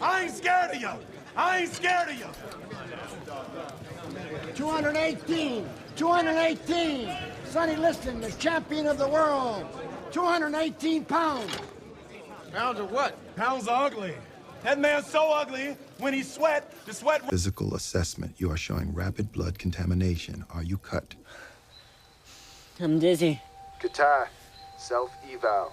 I ain't scared of you. I ain't scared of you. 218. 218. Sonny Liston, the champion of the world. 218 pounds. Pounds of what? Pounds are ugly. That man's so ugly, when he sweat, the sweat... Physical assessment. You are showing rapid blood contamination. Are you cut? I'm dizzy. Qatar, self-eval.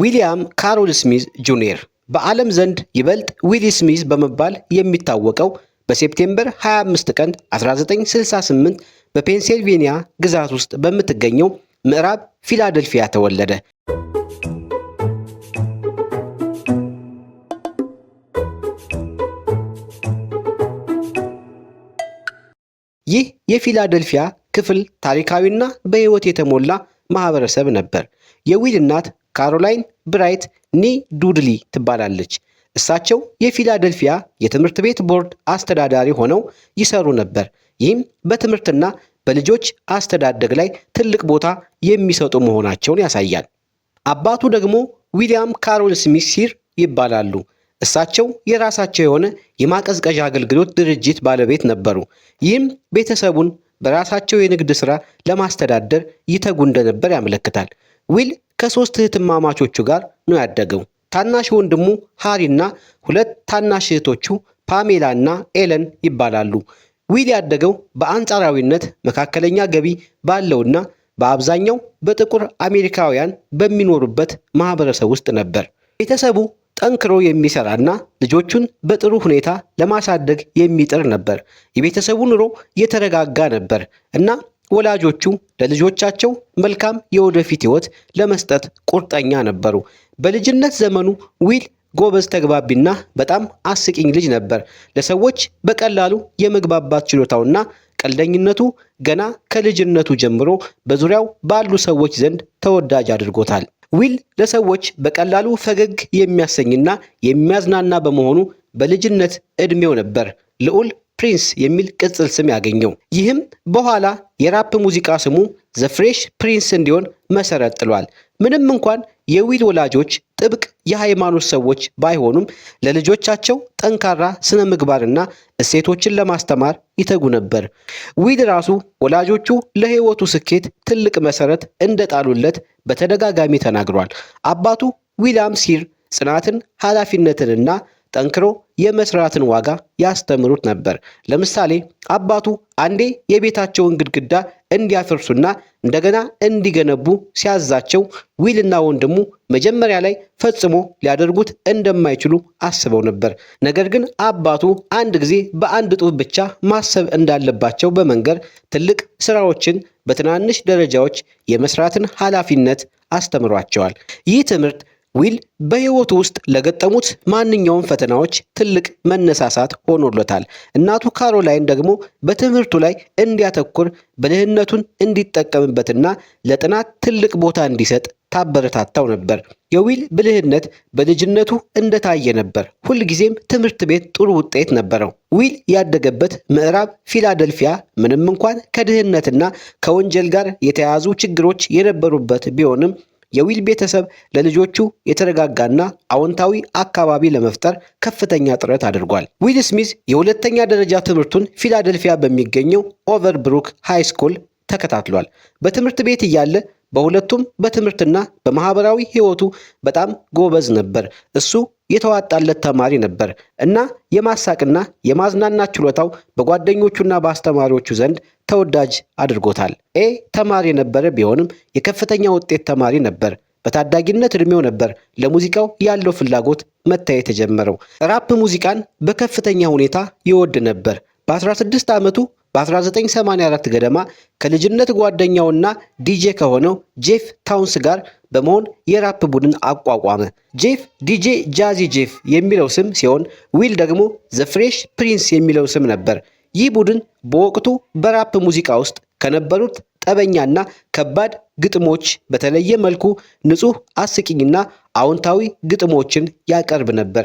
ዊሊያም ካሮል ስሚዝ ጁኒየር በዓለም ዘንድ ይበልጥ ዊሊ ስሚዝ በመባል የሚታወቀው በሴፕቴምበር 25 ቀን 1968 በፔንሲልቬኒያ ግዛት ውስጥ በምትገኘው ምዕራብ ፊላደልፊያ ተወለደ። ይህ የፊላደልፊያ ክፍል ታሪካዊና በሕይወት የተሞላ ማህበረሰብ ነበር። የዊል እናት ካሮላይን ብራይት ኒ ዱድሊ ትባላለች። እሳቸው የፊላደልፊያ የትምህርት ቤት ቦርድ አስተዳዳሪ ሆነው ይሰሩ ነበር። ይህም በትምህርትና በልጆች አስተዳደግ ላይ ትልቅ ቦታ የሚሰጡ መሆናቸውን ያሳያል። አባቱ ደግሞ ዊሊያም ካሮል ስሚት ሲር ይባላሉ። እሳቸው የራሳቸው የሆነ የማቀዝቀዣ አገልግሎት ድርጅት ባለቤት ነበሩ። ይህም ቤተሰቡን በራሳቸው የንግድ ሥራ ለማስተዳደር ይተጉ እንደነበር ያመለክታል። ዊል ከሶስት እህትማማቾቹ ጋር ነው ያደገው። ታናሽ ወንድሙ ሃሪና ሁለት ታናሽ እህቶቹ ፓሜላ እና ኤለን ይባላሉ። ዊል ያደገው በአንጻራዊነት መካከለኛ ገቢ ባለውና በአብዛኛው በጥቁር አሜሪካውያን በሚኖሩበት ማህበረሰብ ውስጥ ነበር። ቤተሰቡ ጠንክሮ የሚሰራና ልጆቹን በጥሩ ሁኔታ ለማሳደግ የሚጥር ነበር። የቤተሰቡ ኑሮ የተረጋጋ ነበር እና ወላጆቹ ለልጆቻቸው መልካም የወደፊት ሕይወት ለመስጠት ቁርጠኛ ነበሩ። በልጅነት ዘመኑ ዊል ጎበዝ ተግባቢና በጣም አስቂኝ ልጅ ነበር። ለሰዎች በቀላሉ የመግባባት ችሎታውና ቀልደኝነቱ ገና ከልጅነቱ ጀምሮ በዙሪያው ባሉ ሰዎች ዘንድ ተወዳጅ አድርጎታል። ዊል ለሰዎች በቀላሉ ፈገግ የሚያሰኝና የሚያዝናና በመሆኑ በልጅነት ዕድሜው ነበር ልዑል ፕሪንስ የሚል ቅጽል ስም ያገኘው። ይህም በኋላ የራፕ ሙዚቃ ስሙ ዘፍሬሽ ፕሪንስ እንዲሆን መሰረት ጥሏል። ምንም እንኳን የዊል ወላጆች ጥብቅ የሃይማኖት ሰዎች ባይሆኑም ለልጆቻቸው ጠንካራ ስነ ምግባርና እሴቶችን ለማስተማር ይተጉ ነበር። ዊድ ራሱ ወላጆቹ ለሕይወቱ ስኬት ትልቅ መሰረት እንደጣሉለት በተደጋጋሚ ተናግሯል። አባቱ ዊልያም ሲር ጽናትን፣ ኃላፊነትንና ጠንክሮ የመስራትን ዋጋ ያስተምሩት ነበር። ለምሳሌ አባቱ አንዴ የቤታቸውን ግድግዳ እንዲያፈርሱና እንደገና እንዲገነቡ ሲያዛቸው ዊልና ወንድሙ መጀመሪያ ላይ ፈጽሞ ሊያደርጉት እንደማይችሉ አስበው ነበር። ነገር ግን አባቱ አንድ ጊዜ በአንድ ጡብ ብቻ ማሰብ እንዳለባቸው በመንገር ትልቅ ስራዎችን በትናንሽ ደረጃዎች የመስራትን ኃላፊነት አስተምሯቸዋል። ይህ ትምህርት ዊል በህይወቱ ውስጥ ለገጠሙት ማንኛውም ፈተናዎች ትልቅ መነሳሳት ሆኖለታል። እናቱ ካሮላይን ደግሞ በትምህርቱ ላይ እንዲያተኩር ብልህነቱን እንዲጠቀምበትና ለጥናት ትልቅ ቦታ እንዲሰጥ ታበረታታው ነበር። የዊል ብልህነት በልጅነቱ እንደታየ ነበር። ሁልጊዜም ትምህርት ቤት ጥሩ ውጤት ነበረው። ዊል ያደገበት ምዕራብ ፊላደልፊያ ምንም እንኳን ከድህነትና ከወንጀል ጋር የተያያዙ ችግሮች የነበሩበት ቢሆንም የዊል ቤተሰብ ለልጆቹ የተረጋጋና አዎንታዊ አካባቢ ለመፍጠር ከፍተኛ ጥረት አድርጓል። ዊል ስሚዝ የሁለተኛ ደረጃ ትምህርቱን ፊላደልፊያ በሚገኘው ኦቨር ብሩክ ሃይ ስኩል ተከታትሏል። በትምህርት ቤት እያለ በሁለቱም በትምህርትና በማህበራዊ ህይወቱ በጣም ጎበዝ ነበር። እሱ የተዋጣለት ተማሪ ነበር እና የማሳቅና የማዝናናት ችሎታው በጓደኞቹና በአስተማሪዎቹ ዘንድ ተወዳጅ አድርጎታል። ኤ ተማሪ የነበረ ቢሆንም የከፍተኛ ውጤት ተማሪ ነበር። በታዳጊነት እድሜው ነበር ለሙዚቃው ያለው ፍላጎት መታየት የጀመረው። ራፕ ሙዚቃን በከፍተኛ ሁኔታ ይወድ ነበር። በ16 ዓመቱ በ1984 ገደማ ከልጅነት ጓደኛውና ዲጄ ከሆነው ጄፍ ታውንስ ጋር በመሆን የራፕ ቡድን አቋቋመ። ጄፍ ዲጄ ጃዚ ጄፍ የሚለው ስም ሲሆን ዊል ደግሞ ዘፍሬሽ ፍሬሽ ፕሪንስ የሚለው ስም ነበር። ይህ ቡድን በወቅቱ በራፕ ሙዚቃ ውስጥ ከነበሩት ጠበኛና ከባድ ግጥሞች በተለየ መልኩ ንጹህ አስቂኝና አዎንታዊ ግጥሞችን ያቀርብ ነበር።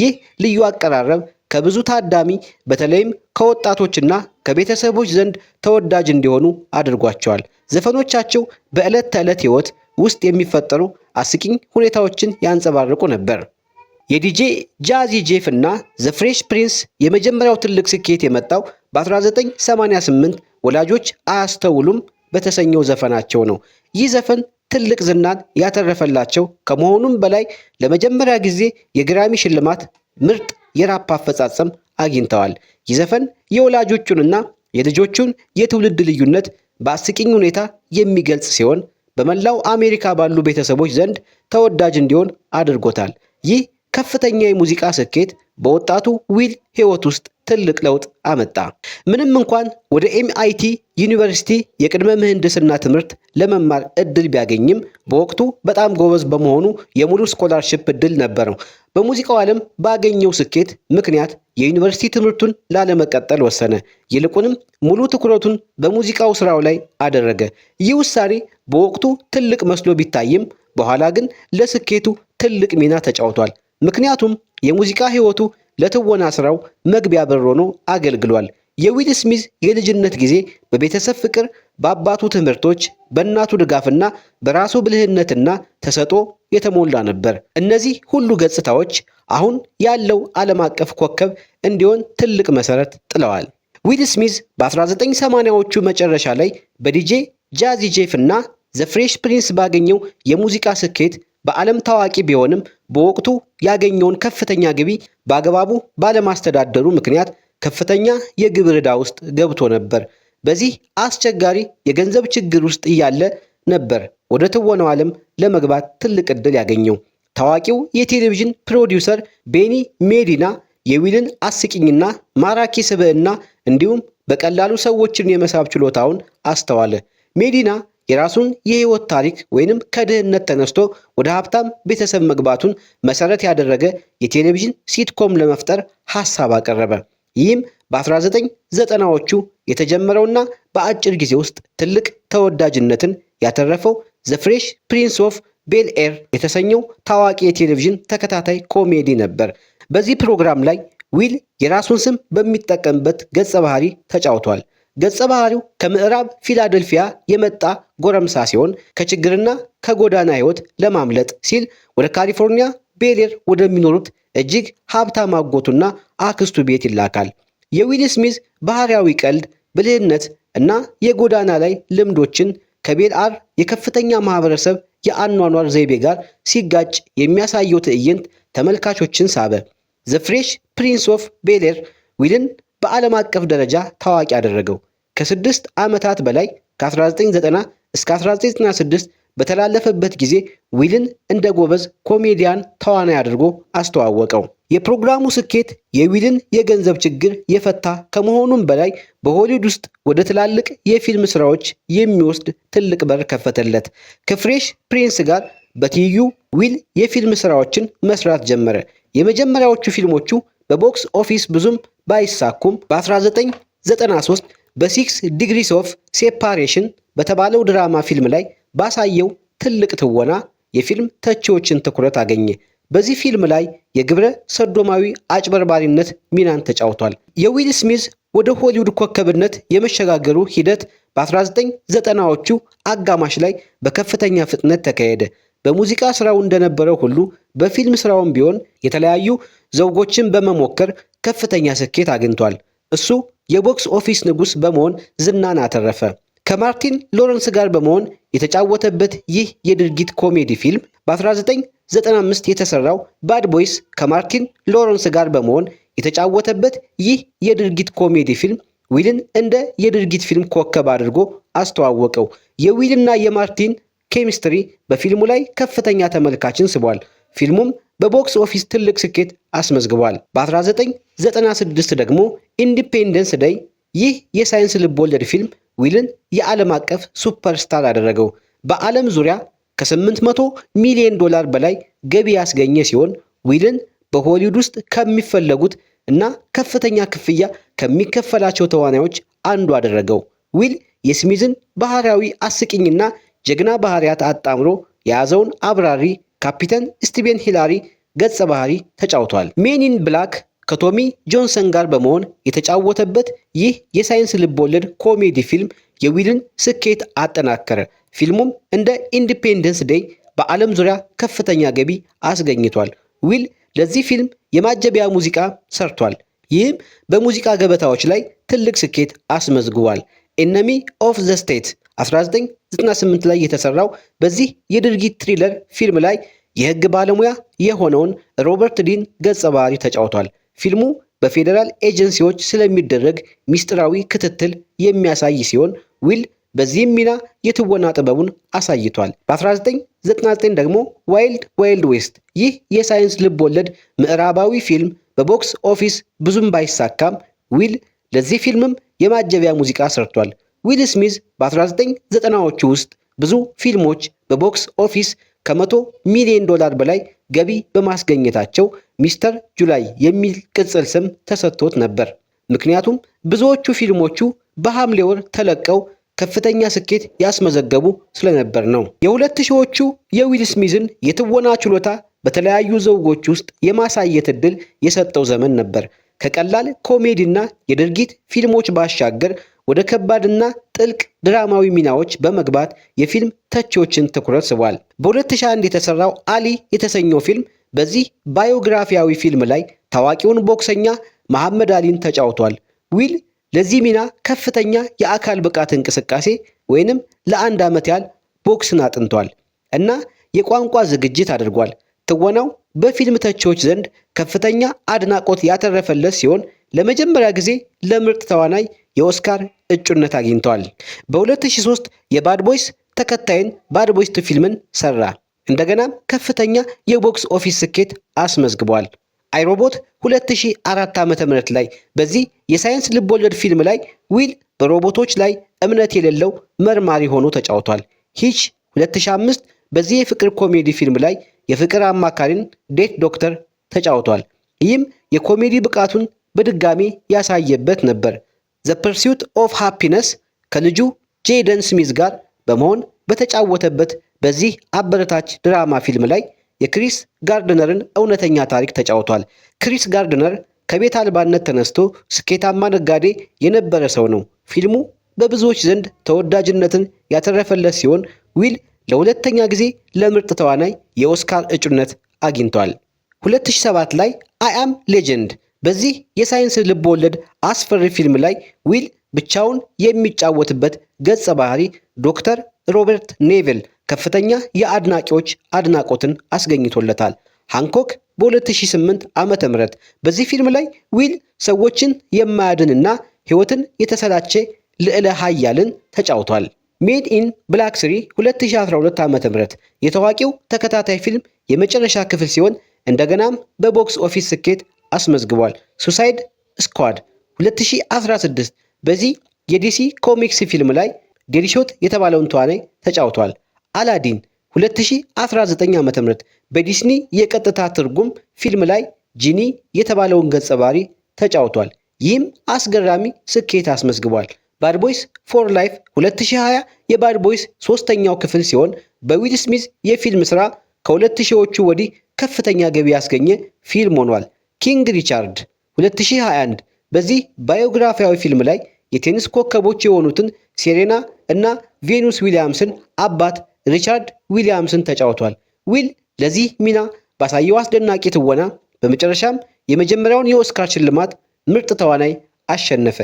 ይህ ልዩ አቀራረብ ከብዙ ታዳሚ በተለይም ከወጣቶችና ከቤተሰቦች ዘንድ ተወዳጅ እንዲሆኑ አድርጓቸዋል። ዘፈኖቻቸው በዕለት ተዕለት ሕይወት ውስጥ የሚፈጠሩ አስቂኝ ሁኔታዎችን ያንጸባርቁ ነበር። የዲጄ ጃዚ ጄፍ እና ዘ ፍሬሽ ፕሪንስ የመጀመሪያው ትልቅ ስኬት የመጣው በ1988 ወላጆች አያስተውሉም በተሰኘው ዘፈናቸው ነው። ይህ ዘፈን ትልቅ ዝናን ያተረፈላቸው ከመሆኑም በላይ ለመጀመሪያ ጊዜ የግራሚ ሽልማት ምርጥ የራፕ አፈጻጸም አግኝተዋል። ይህ ዘፈን የወላጆቹንና የልጆቹን የትውልድ ልዩነት በአስቂኝ ሁኔታ የሚገልጽ ሲሆን በመላው አሜሪካ ባሉ ቤተሰቦች ዘንድ ተወዳጅ እንዲሆን አድርጎታል። ይህ ከፍተኛ የሙዚቃ ስኬት በወጣቱ ዊል ህይወት ውስጥ ትልቅ ለውጥ አመጣ። ምንም እንኳን ወደ ኤምአይቲ ዩኒቨርሲቲ የቅድመ ምህንድስና ትምህርት ለመማር እድል ቢያገኝም በወቅቱ በጣም ጎበዝ በመሆኑ የሙሉ ስኮላርሽፕ እድል ነበረው። በሙዚቃው ዓለም ባገኘው ስኬት ምክንያት የዩኒቨርሲቲ ትምህርቱን ላለመቀጠል ወሰነ። ይልቁንም ሙሉ ትኩረቱን በሙዚቃው ስራው ላይ አደረገ። ይህ ውሳኔ በወቅቱ ትልቅ መስሎ ቢታይም በኋላ ግን ለስኬቱ ትልቅ ሚና ተጫውቷል። ምክንያቱም የሙዚቃ ሕይወቱ ለትወና ስራው መግቢያ በር ሆኖ አገልግሏል። የዊል ስሚዝ የልጅነት ጊዜ በቤተሰብ ፍቅር፣ በአባቱ ትምህርቶች፣ በእናቱ ድጋፍና በራሱ ብልህነትና ተሰጦ የተሞላ ነበር። እነዚህ ሁሉ ገጽታዎች አሁን ያለው ዓለም አቀፍ ኮከብ እንዲሆን ትልቅ መሰረት ጥለዋል። ዊል ስሚዝ በ1980ዎቹ መጨረሻ ላይ በዲጄ ጃዚ ጄፍ እና ዘፍሬሽ ፕሪንስ ባገኘው የሙዚቃ ስኬት በዓለም ታዋቂ ቢሆንም በወቅቱ ያገኘውን ከፍተኛ ገቢ በአግባቡ ባለማስተዳደሩ ምክንያት ከፍተኛ የግብር ዕዳ ውስጥ ገብቶ ነበር። በዚህ አስቸጋሪ የገንዘብ ችግር ውስጥ እያለ ነበር ወደ ትወነው ዓለም ለመግባት ትልቅ ዕድል ያገኘው። ታዋቂው የቴሌቪዥን ፕሮዲውሰር ቤኒ ሜዲና የዊልን አስቂኝና ማራኪ ስብዕና እንዲሁም በቀላሉ ሰዎችን የመሳብ ችሎታውን አስተዋለ። ሜዲና የራሱን የህይወት ታሪክ ወይንም ከድህነት ተነስቶ ወደ ሀብታም ቤተሰብ መግባቱን መሰረት ያደረገ የቴሌቪዥን ሲትኮም ለመፍጠር ሀሳብ አቀረበ። ይህም በ1990ዎቹ የተጀመረውና በአጭር ጊዜ ውስጥ ትልቅ ተወዳጅነትን ያተረፈው ዘ ፍሬሽ ፕሪንስ ኦፍ ቤል ኤር የተሰኘው ታዋቂ የቴሌቪዥን ተከታታይ ኮሜዲ ነበር። በዚህ ፕሮግራም ላይ ዊል የራሱን ስም በሚጠቀምበት ገጸ ባህሪ ተጫውቷል። ገጸ ባህሪው ከምዕራብ ፊላደልፊያ የመጣ ጎረምሳ ሲሆን ከችግርና ከጎዳና ሕይወት ለማምለጥ ሲል ወደ ካሊፎርኒያ ቤሌር ወደሚኖሩት እጅግ ሀብታም አጎቱና አክስቱ ቤት ይላካል። የዊል ስሚዝ ባህሪያዊ ቀልድ፣ ብልህነት እና የጎዳና ላይ ልምዶችን ከቤልአር የከፍተኛ ማህበረሰብ የአኗኗር ዘይቤ ጋር ሲጋጭ የሚያሳየው ትዕይንት ተመልካቾችን ሳበ። ዘፍሬሽ ፕሪንስ ኦፍ ቤሌር ዊልን በዓለም አቀፍ ደረጃ ታዋቂ አደረገው። ከስድስት ዓመታት በላይ ከ1990 እስከ 1996 በተላለፈበት ጊዜ ዊልን እንደ ጎበዝ ኮሜዲያን ተዋናይ አድርጎ አስተዋወቀው። የፕሮግራሙ ስኬት የዊልን የገንዘብ ችግር የፈታ ከመሆኑም በላይ በሆሊውድ ውስጥ ወደ ትላልቅ የፊልም ስራዎች የሚወስድ ትልቅ በር ከፈተለት። ከፍሬሽ ፕሪንስ ጋር በትይዩ ዊል የፊልም ስራዎችን መስራት ጀመረ። የመጀመሪያዎቹ ፊልሞቹ በቦክስ ኦፊስ ብዙም ባይሳኩም በ1993 በሲክስ ዲግሪስ ኦፍ ሴፓሬሽን በተባለው ድራማ ፊልም ላይ ባሳየው ትልቅ ትወና የፊልም ተቺዎችን ትኩረት አገኘ። በዚህ ፊልም ላይ የግብረ ሰዶማዊ አጭበርባሪነት ሚናን ተጫውቷል። የዊል ስሚዝ ወደ ሆሊውድ ኮከብነት የመሸጋገሩ ሂደት በ1990ዎቹ አጋማሽ ላይ በከፍተኛ ፍጥነት ተካሄደ። በሙዚቃ ስራው እንደነበረው ሁሉ በፊልም ስራውም ቢሆን የተለያዩ ዘውጎችን በመሞከር ከፍተኛ ስኬት አግኝቷል። እሱ የቦክስ ኦፊስ ንጉስ በመሆን ዝናን አተረፈ። ከማርቲን ሎረንስ ጋር በመሆን የተጫወተበት ይህ የድርጊት ኮሜዲ ፊልም በ1995 የተሰራው ባድ ቦይስ ከማርቲን ሎረንስ ጋር በመሆን የተጫወተበት ይህ የድርጊት ኮሜዲ ፊልም ዊልን እንደ የድርጊት ፊልም ኮከብ አድርጎ አስተዋወቀው። የዊልና የማርቲን ኬሚስትሪ በፊልሙ ላይ ከፍተኛ ተመልካችን ስቧል። ፊልሙም በቦክስ ኦፊስ ትልቅ ስኬት አስመዝግቧል። በ1996 ደግሞ ኢንዲፔንደንስ ደይ ይህ የሳይንስ ልብወለድ ፊልም ዊልን የዓለም አቀፍ ሱፐርስታር አደረገው። በዓለም ዙሪያ ከ800 ሚሊዮን ዶላር በላይ ገቢ ያስገኘ ሲሆን ዊልን በሆሊውድ ውስጥ ከሚፈለጉት እና ከፍተኛ ክፍያ ከሚከፈላቸው ተዋናዮች አንዱ አደረገው። ዊል የስሚዝን ባህሪያዊ አስቂኝና ጀግና ባህሪያት አጣምሮ የያዘውን አብራሪ ካፒተን ስቲቨን ሂላሪ ገጸ ባህሪ ተጫውቷል። ሜኒን ብላክ ከቶሚ ጆንሰን ጋር በመሆን የተጫወተበት ይህ የሳይንስ ልቦለድ ኮሜዲ ፊልም የዊልን ስኬት አጠናከረ። ፊልሙም እንደ ኢንዲፔንደንስ ዴይ በዓለም ዙሪያ ከፍተኛ ገቢ አስገኝቷል። ዊል ለዚህ ፊልም የማጀቢያ ሙዚቃ ሰርቷል። ይህም በሙዚቃ ገበታዎች ላይ ትልቅ ስኬት አስመዝግቧል። ኤነሚ ኦፍ ዘ ስቴት 1998 ላይ የተሰራው በዚህ የድርጊት ትሪለር ፊልም ላይ የህግ ባለሙያ የሆነውን ሮበርት ዲን ገጸ ባህሪ ተጫውቷል። ፊልሙ በፌዴራል ኤጀንሲዎች ስለሚደረግ ሚስጥራዊ ክትትል የሚያሳይ ሲሆን ዊል በዚህም ሚና የትወና ጥበቡን አሳይቷል። በ1999 ደግሞ ዋይልድ ዋይልድ ዌስት፣ ይህ የሳይንስ ልብ ወለድ ምዕራባዊ ፊልም በቦክስ ኦፊስ ብዙም ባይሳካም ዊል ለዚህ ፊልምም የማጀቢያ ሙዚቃ ሰርቷል። ዊል ስሚዝ በ1990ዎቹ ውስጥ ብዙ ፊልሞች በቦክስ ኦፊስ ከመቶ ሚሊዮን ዶላር በላይ ገቢ በማስገኘታቸው ሚስተር ጁላይ የሚል ቅጽል ስም ተሰጥቶት ነበር። ምክንያቱም ብዙዎቹ ፊልሞቹ በሐምሌ ወር ተለቀው ከፍተኛ ስኬት ያስመዘገቡ ስለነበር ነው። የሁለት ሺዎቹ የዊል ስሚዝን የትወና ችሎታ በተለያዩ ዘውጎች ውስጥ የማሳየት ዕድል የሰጠው ዘመን ነበር። ከቀላል ኮሜዲና የድርጊት ፊልሞች ባሻገር ወደ ከባድና ጥልቅ ድራማዊ ሚናዎች በመግባት የፊልም ተቺዎችን ትኩረት ስቧል። በ2001 የተሰራው አሊ የተሰኘው ፊልም በዚህ ባዮግራፊያዊ ፊልም ላይ ታዋቂውን ቦክሰኛ መሐመድ አሊን ተጫውቷል። ዊል ለዚህ ሚና ከፍተኛ የአካል ብቃት እንቅስቃሴ ወይንም ለአንድ ዓመት ያህል ቦክስን አጥንቷል እና የቋንቋ ዝግጅት አድርጓል። ትወናው በፊልም ተቺዎች ዘንድ ከፍተኛ አድናቆት ያተረፈለት ሲሆን ለመጀመሪያ ጊዜ ለምርጥ ተዋናይ የኦስካር እጩነት አግኝተዋል። በ2003 የባድ ቦይስ ተከታይን ባድ ቦይስ ቱ ፊልምን ሰራ። እንደገና ከፍተኛ የቦክስ ኦፊስ ስኬት አስመዝግቧል። አይሮቦት 2004 ዓ.ም ላይ በዚህ የሳይንስ ልቦለድ ፊልም ላይ ዊል በሮቦቶች ላይ እምነት የሌለው መርማሪ ሆኖ ተጫውቷል። ሂች 2005 በዚህ የፍቅር ኮሜዲ ፊልም ላይ የፍቅር አማካሪን ዴት ዶክተር ተጫውቷል። ይህም የኮሜዲ ብቃቱን በድጋሚ ያሳየበት ነበር። ዘ ፐርሲዩት ኦፍ ሃፒነስ ከልጁ ጄደን ስሚዝ ጋር በመሆን በተጫወተበት በዚህ አበረታች ድራማ ፊልም ላይ የክሪስ ጋርድነርን እውነተኛ ታሪክ ተጫውቷል። ክሪስ ጋርድነር ከቤት አልባነት ተነስቶ ስኬታማ ነጋዴ የነበረ ሰው ነው። ፊልሙ በብዙዎች ዘንድ ተወዳጅነትን ያተረፈለት ሲሆን ዊል ለሁለተኛ ጊዜ ለምርጥ ተዋናይ የኦስካር እጩነት አግኝቷል። 2007 ላይ አይ አም ሌጀንድ በዚህ የሳይንስ ልብወለድ አስፈሪ ፊልም ላይ ዊል ብቻውን የሚጫወትበት ገጸ ባህሪ ዶክተር ሮበርት ኔቪል ከፍተኛ የአድናቂዎች አድናቆትን አስገኝቶለታል። ሃንኮክ በ2008 ዓመተ በዚህ ፊልም ላይ ዊል ሰዎችን የማያድንና ሕይወትን የተሰላቸ ልዕለ ሃያልን ተጫውቷል። ሜድ ኢን ብላክ ስሪ 2012 ዓ ም የታዋቂው ተከታታይ ፊልም የመጨረሻ ክፍል ሲሆን እንደገናም በቦክስ ኦፊስ ስኬት አስመዝግቧል። ሱሳይድ ስኳድ 2016 በዚህ የዲሲ ኮሚክስ ፊልም ላይ ዴሪሾት የተባለውን ተዋናይ ተጫውቷል። አላዲን 2019 ዓ ም በዲስኒ የቀጥታ ትርጉም ፊልም ላይ ጂኒ የተባለውን ገጸ ባህሪ ተጫውቷል። ይህም አስገራሚ ስኬት አስመዝግቧል። ባድ ቦይስ ፎር ላይፍ 2020 የባድ ቦይስ ሶስተኛው ክፍል ሲሆን በዊል ስሚዝ የፊልም ሥራ ከሁለት ሺዎቹ ወዲህ ከፍተኛ ገቢ ያስገኘ ፊልም ሆኗል። ኪንግ ሪቻርድ 2021 በዚህ ባዮግራፊያዊ ፊልም ላይ የቴኒስ ኮከቦች የሆኑትን ሴሬና እና ቬኑስ ዊሊያምስን አባት ሪቻርድ ዊሊያምስን ተጫውቷል። ዊል ለዚህ ሚና ባሳየው አስደናቂ ትወና በመጨረሻም የመጀመሪያውን የኦስካር ሽልማት ምርጥ ተዋናይ አሸነፈ።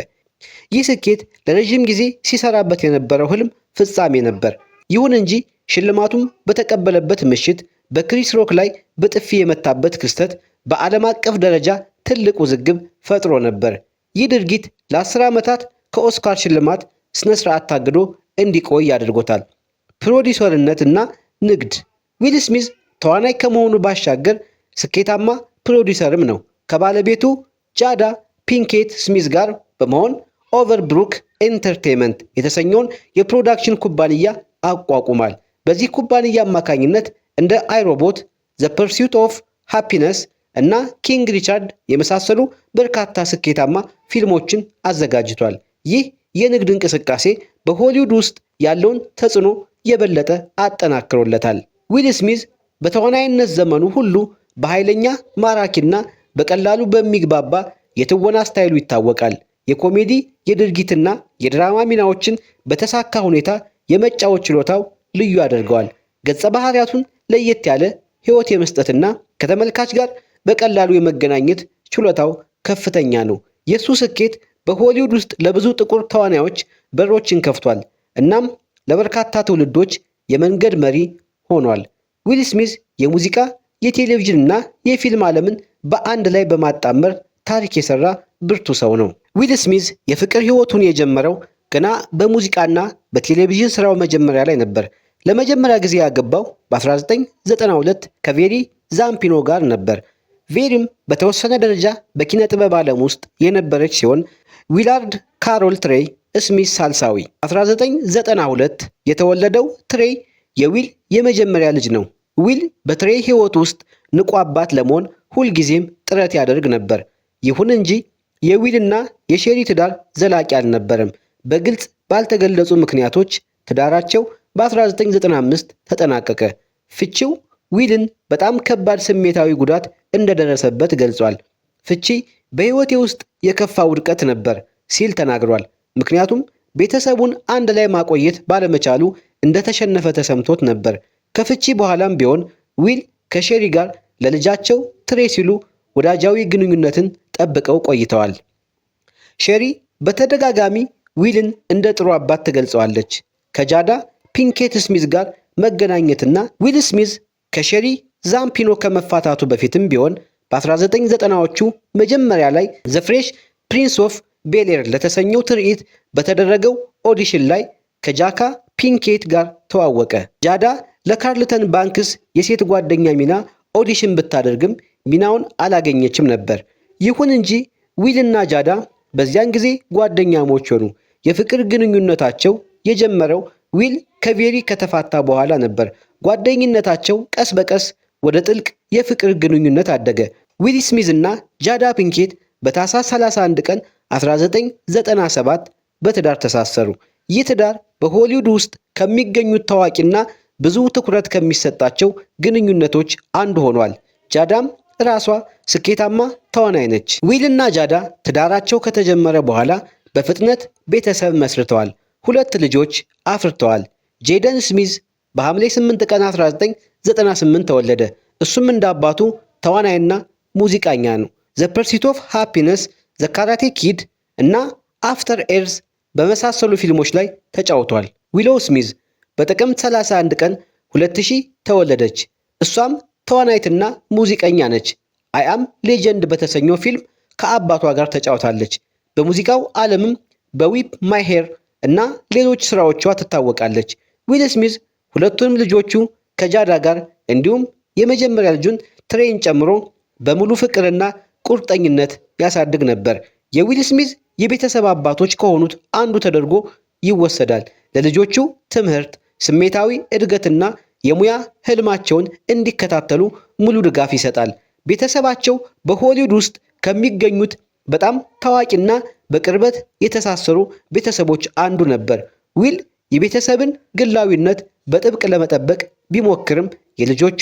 ይህ ስኬት ለረዥም ጊዜ ሲሰራበት የነበረው ህልም ፍጻሜ ነበር። ይሁን እንጂ ሽልማቱም በተቀበለበት ምሽት በክሪስ ሮክ ላይ በጥፊ የመታበት ክስተት በዓለም አቀፍ ደረጃ ትልቅ ውዝግብ ፈጥሮ ነበር። ይህ ድርጊት ለ10 ዓመታት ከኦስካር ሽልማት ስነ ስርዓት ታግዶ እንዲቆይ አድርጎታል። ፕሮዲሰርነት እና ንግድ ዊል ስሚዝ ተዋናይ ከመሆኑ ባሻገር ስኬታማ ፕሮዲሰርም ነው። ከባለቤቱ ጃዳ ፒንኬት ስሚዝ ጋር በመሆን ኦቨርብሩክ ኢንተርቴንመንት የተሰኘውን የፕሮዳክሽን ኩባንያ አቋቁሟል። በዚህ ኩባንያ አማካኝነት እንደ አይሮቦት፣ ዘ ፐርሱት ኦፍ ሃፒነስ እና ኪንግ ሪቻርድ የመሳሰሉ በርካታ ስኬታማ ፊልሞችን አዘጋጅቷል። ይህ የንግድ እንቅስቃሴ በሆሊውድ ውስጥ ያለውን ተጽዕኖ የበለጠ አጠናክሮለታል። ዊል ስሚዝ በተዋናይነት ዘመኑ ሁሉ በኃይለኛ ማራኪና በቀላሉ በሚግባባ የትወና ስታይሉ ይታወቃል። የኮሜዲ የድርጊትና የድራማ ሚናዎችን በተሳካ ሁኔታ የመጫወት ችሎታው ልዩ ያደርገዋል። ገጸ ባህሪያቱን ለየት ያለ ሕይወት የመስጠትና ከተመልካች ጋር በቀላሉ የመገናኘት ችሎታው ከፍተኛ ነው። የእሱ ስኬት በሆሊውድ ውስጥ ለብዙ ጥቁር ተዋናዮች በሮችን ከፍቷል፣ እናም ለበርካታ ትውልዶች የመንገድ መሪ ሆኗል። ዊል ስሚዝ የሙዚቃ የቴሌቪዥንና የፊልም ዓለምን በአንድ ላይ በማጣመር ታሪክ የሰራ ብርቱ ሰው ነው። ዊል ስሚዝ የፍቅር ህይወቱን የጀመረው ገና በሙዚቃና በቴሌቪዥን ስራው መጀመሪያ ላይ ነበር። ለመጀመሪያ ጊዜ ያገባው በ1992 ከቬሪ ዛምፒኖ ጋር ነበር። ቬሪም በተወሰነ ደረጃ በኪነ ጥበብ ዓለም ውስጥ የነበረች ሲሆን ዊላርድ ካሮል ትሬይ ስሚዝ ሳልሳዊ 1992 የተወለደው ትሬይ የዊል የመጀመሪያ ልጅ ነው። ዊል በትሬይ ህይወት ውስጥ ንቁ አባት ለመሆን ሁልጊዜም ጥረት ያደርግ ነበር። ይሁን እንጂ የዊልና የሼሪ ትዳር ዘላቂ አልነበረም። በግልጽ ባልተገለጹ ምክንያቶች ትዳራቸው በ1995 ተጠናቀቀ። ፍቺው ዊልን በጣም ከባድ ስሜታዊ ጉዳት እንደደረሰበት ገልጿል። ፍቺ በሕይወቴ ውስጥ የከፋ ውድቀት ነበር ሲል ተናግሯል። ምክንያቱም ቤተሰቡን አንድ ላይ ማቆየት ባለመቻሉ እንደተሸነፈ ተሰምቶት ነበር። ከፍቺ በኋላም ቢሆን ዊል ከሼሪ ጋር ለልጃቸው ትሬ ሲሉ ወዳጃዊ ግንኙነትን ጠብቀው ቆይተዋል። ሼሪ በተደጋጋሚ ዊልን እንደ ጥሩ አባት ትገልጸዋለች። ከጃዳ ፒንኬት ስሚዝ ጋር መገናኘትና ዊል ስሚዝ ከሼሪ ዛምፒኖ ከመፋታቱ በፊትም ቢሆን በ1990ዎቹ መጀመሪያ ላይ ዘፍሬሽ ፍሬሽ ፕሪንስ ኦፍ ቤሌር ለተሰኘው ትርኢት በተደረገው ኦዲሽን ላይ ከጃካ ፒንኬት ጋር ተዋወቀ። ጃዳ ለካርልተን ባንክስ የሴት ጓደኛ ሚና ኦዲሽን ብታደርግም ሚናውን አላገኘችም ነበር። ይሁን እንጂ ዊልና ጃዳ በዚያን ጊዜ ጓደኛሞች ሆኑ። የፍቅር ግንኙነታቸው የጀመረው ዊል ከቬሪ ከተፋታ በኋላ ነበር። ጓደኝነታቸው ቀስ በቀስ ወደ ጥልቅ የፍቅር ግንኙነት አደገ። ዊል ስሚዝ እና ጃዳ ፒንኬት በታህሳስ 31 ቀን 1997 በትዳር ተሳሰሩ። ይህ ትዳር በሆሊውድ ውስጥ ከሚገኙት ታዋቂና ብዙ ትኩረት ከሚሰጣቸው ግንኙነቶች አንዱ ሆኗል። ጃዳም ራሷ ስኬታማ ተዋናይ ነች። ዊልና ጃዳ ትዳራቸው ከተጀመረ በኋላ በፍጥነት ቤተሰብ መስርተዋል። ሁለት ልጆች አፍርተዋል። ጄደን ስሚዝ በሐምሌ 8 ቀን 1998 ተወለደ። እሱም እንደ አባቱ ተዋናይና ሙዚቀኛ ነው። ዘ ፐርሲት ኦፍ ሃፒነስ፣ ዘ ካራቴ ኪድ እና አፍተር ኤርስ በመሳሰሉ ፊልሞች ላይ ተጫውቷል። ዊሎ ስሚዝ በጥቅምት 31 ቀን 2000 ተወለደች። እሷም ተዋናይትና ሙዚቀኛ ነች። አይ አም ሌጀንድ በተሰኘው ፊልም ከአባቷ ጋር ተጫውታለች። በሙዚቃው ዓለምም በዊፕ ማይ ሄር እና ሌሎች ስራዎቿ ትታወቃለች። ዊል ስሚዝ ሁለቱንም ልጆቹ ከጃዳ ጋር እንዲሁም የመጀመሪያ ልጁን ትሬን ጨምሮ በሙሉ ፍቅርና ቁርጠኝነት ያሳድግ ነበር። የዊል ስሚዝ የቤተሰብ አባቶች ከሆኑት አንዱ ተደርጎ ይወሰዳል። ለልጆቹ ትምህርት፣ ስሜታዊ እድገትና የሙያ ህልማቸውን እንዲከታተሉ ሙሉ ድጋፍ ይሰጣል። ቤተሰባቸው በሆሊውድ ውስጥ ከሚገኙት በጣም ታዋቂና በቅርበት የተሳሰሩ ቤተሰቦች አንዱ ነበር። ዊል የቤተሰብን ግላዊነት በጥብቅ ለመጠበቅ ቢሞክርም የልጆቹ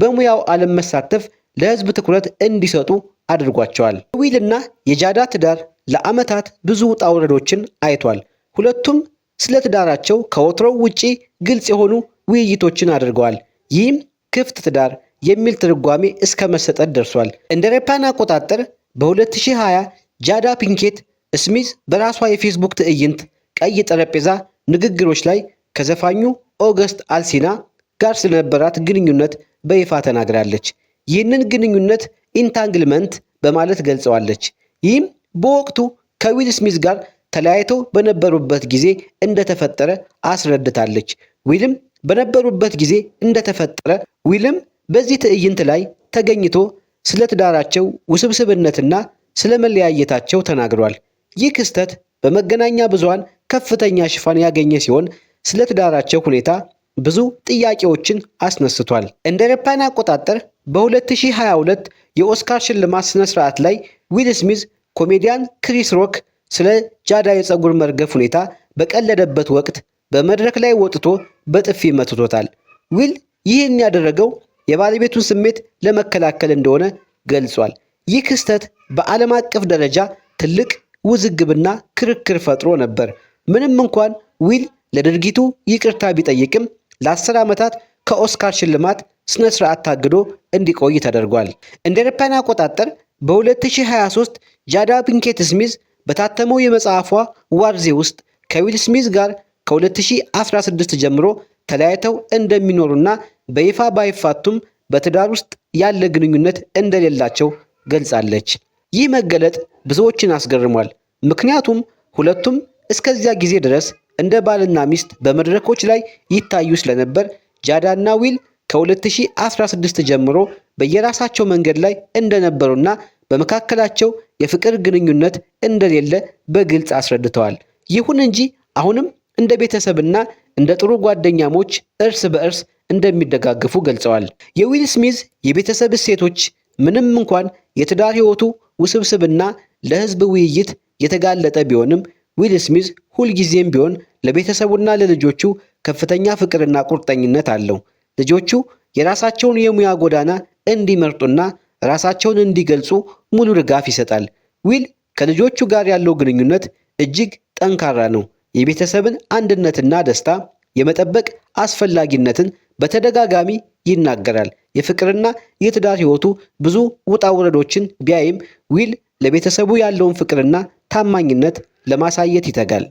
በሙያው ዓለም መሳተፍ ለህዝብ ትኩረት እንዲሰጡ አድርጓቸዋል። የዊልና የጃዳ ትዳር ለዓመታት ብዙ ውጣ ውረዶችን አይቷል። ሁለቱም ስለ ትዳራቸው ከወትሮው ውጪ ግልጽ የሆኑ ውይይቶችን አድርገዋል። ይህም ክፍት ትዳር የሚል ትርጓሜ እስከ መሰጠት ደርሷል። እንደ አውሮፓውያን አቆጣጠር በ2020 ጃዳ ፒንኬት ስሚዝ በራሷ የፌስቡክ ትዕይንት ቀይ ጠረጴዛ ንግግሮች ላይ ከዘፋኙ ኦገስት አልሲና ጋር ስለነበራት ግንኙነት በይፋ ተናግራለች። ይህንን ግንኙነት ኢንታንግልመንት በማለት ገልጸዋለች። ይህም በወቅቱ ከዊል ስሚዝ ጋር ተለያይተው በነበሩበት ጊዜ እንደተፈጠረ አስረድታለች። ዊልም በነበሩበት ጊዜ እንደተፈጠረ ዊልም በዚህ ትዕይንት ላይ ተገኝቶ ስለ ትዳራቸው ውስብስብነትና ስለ መለያየታቸው ተናግሯል። ይህ ክስተት በመገናኛ ብዙሃን ከፍተኛ ሽፋን ያገኘ ሲሆን ስለ ትዳራቸው ሁኔታ ብዙ ጥያቄዎችን አስነስቷል። እንደ ረፓን አቆጣጠር በ2022 የኦስካር ሽልማት ስነ ስርዓት ላይ ዊል ስሚዝ ኮሜዲያን ክሪስ ሮክ ስለ ጃዳ የፀጉር መርገፍ ሁኔታ በቀለደበት ወቅት በመድረክ ላይ ወጥቶ በጥፊ መትቶታል። ዊል ይህን ያደረገው የባለቤቱን ስሜት ለመከላከል እንደሆነ ገልጿል። ይህ ክስተት በዓለም አቀፍ ደረጃ ትልቅ ውዝግብና ክርክር ፈጥሮ ነበር። ምንም እንኳን ዊል ለድርጊቱ ይቅርታ ቢጠይቅም ለአስር ዓመታት ከኦስካር ሽልማት ስነ ስርዓት ታግዶ እንዲቆይ ተደርጓል። እንደ አውሮፓውያን አቆጣጠር በ2023 ጃዳ ፒንኬት ስሚዝ በታተመው የመጽሐፏ ዋርዜ ውስጥ ከዊል ስሚዝ ጋር ከ2016 ጀምሮ ተለያይተው እንደሚኖሩና በይፋ ባይፋቱም በትዳር ውስጥ ያለ ግንኙነት እንደሌላቸው ገልጻለች። ይህ መገለጥ ብዙዎችን አስገርሟል። ምክንያቱም ሁለቱም እስከዚያ ጊዜ ድረስ እንደ ባልና ሚስት በመድረኮች ላይ ይታዩ ስለነበር ጃዳና ዊል ከ2016 ጀምሮ በየራሳቸው መንገድ ላይ እንደነበሩና በመካከላቸው የፍቅር ግንኙነት እንደሌለ በግልጽ አስረድተዋል። ይሁን እንጂ አሁንም እንደ ቤተሰብና እንደ ጥሩ ጓደኛሞች እርስ በእርስ እንደሚደጋግፉ ገልጸዋል። የዊል ስሚዝ የቤተሰብ እሴቶች ምንም እንኳን የትዳር ሕይወቱ ውስብስብና ለሕዝብ ውይይት የተጋለጠ ቢሆንም ዊል ስሚዝ ሁልጊዜም ቢሆን ለቤተሰቡና ለልጆቹ ከፍተኛ ፍቅርና ቁርጠኝነት አለው። ልጆቹ የራሳቸውን የሙያ ጎዳና እንዲመርጡና ራሳቸውን እንዲገልጹ ሙሉ ድጋፍ ይሰጣል። ዊል ከልጆቹ ጋር ያለው ግንኙነት እጅግ ጠንካራ ነው። የቤተሰብን አንድነትና ደስታ የመጠበቅ አስፈላጊነትን በተደጋጋሚ ይናገራል። የፍቅርና የትዳር ህይወቱ ብዙ ውጣ ውረዶችን ቢያይም ዊል ለቤተሰቡ ያለውን ፍቅርና ታማኝነት ለማሳየት ይተጋል።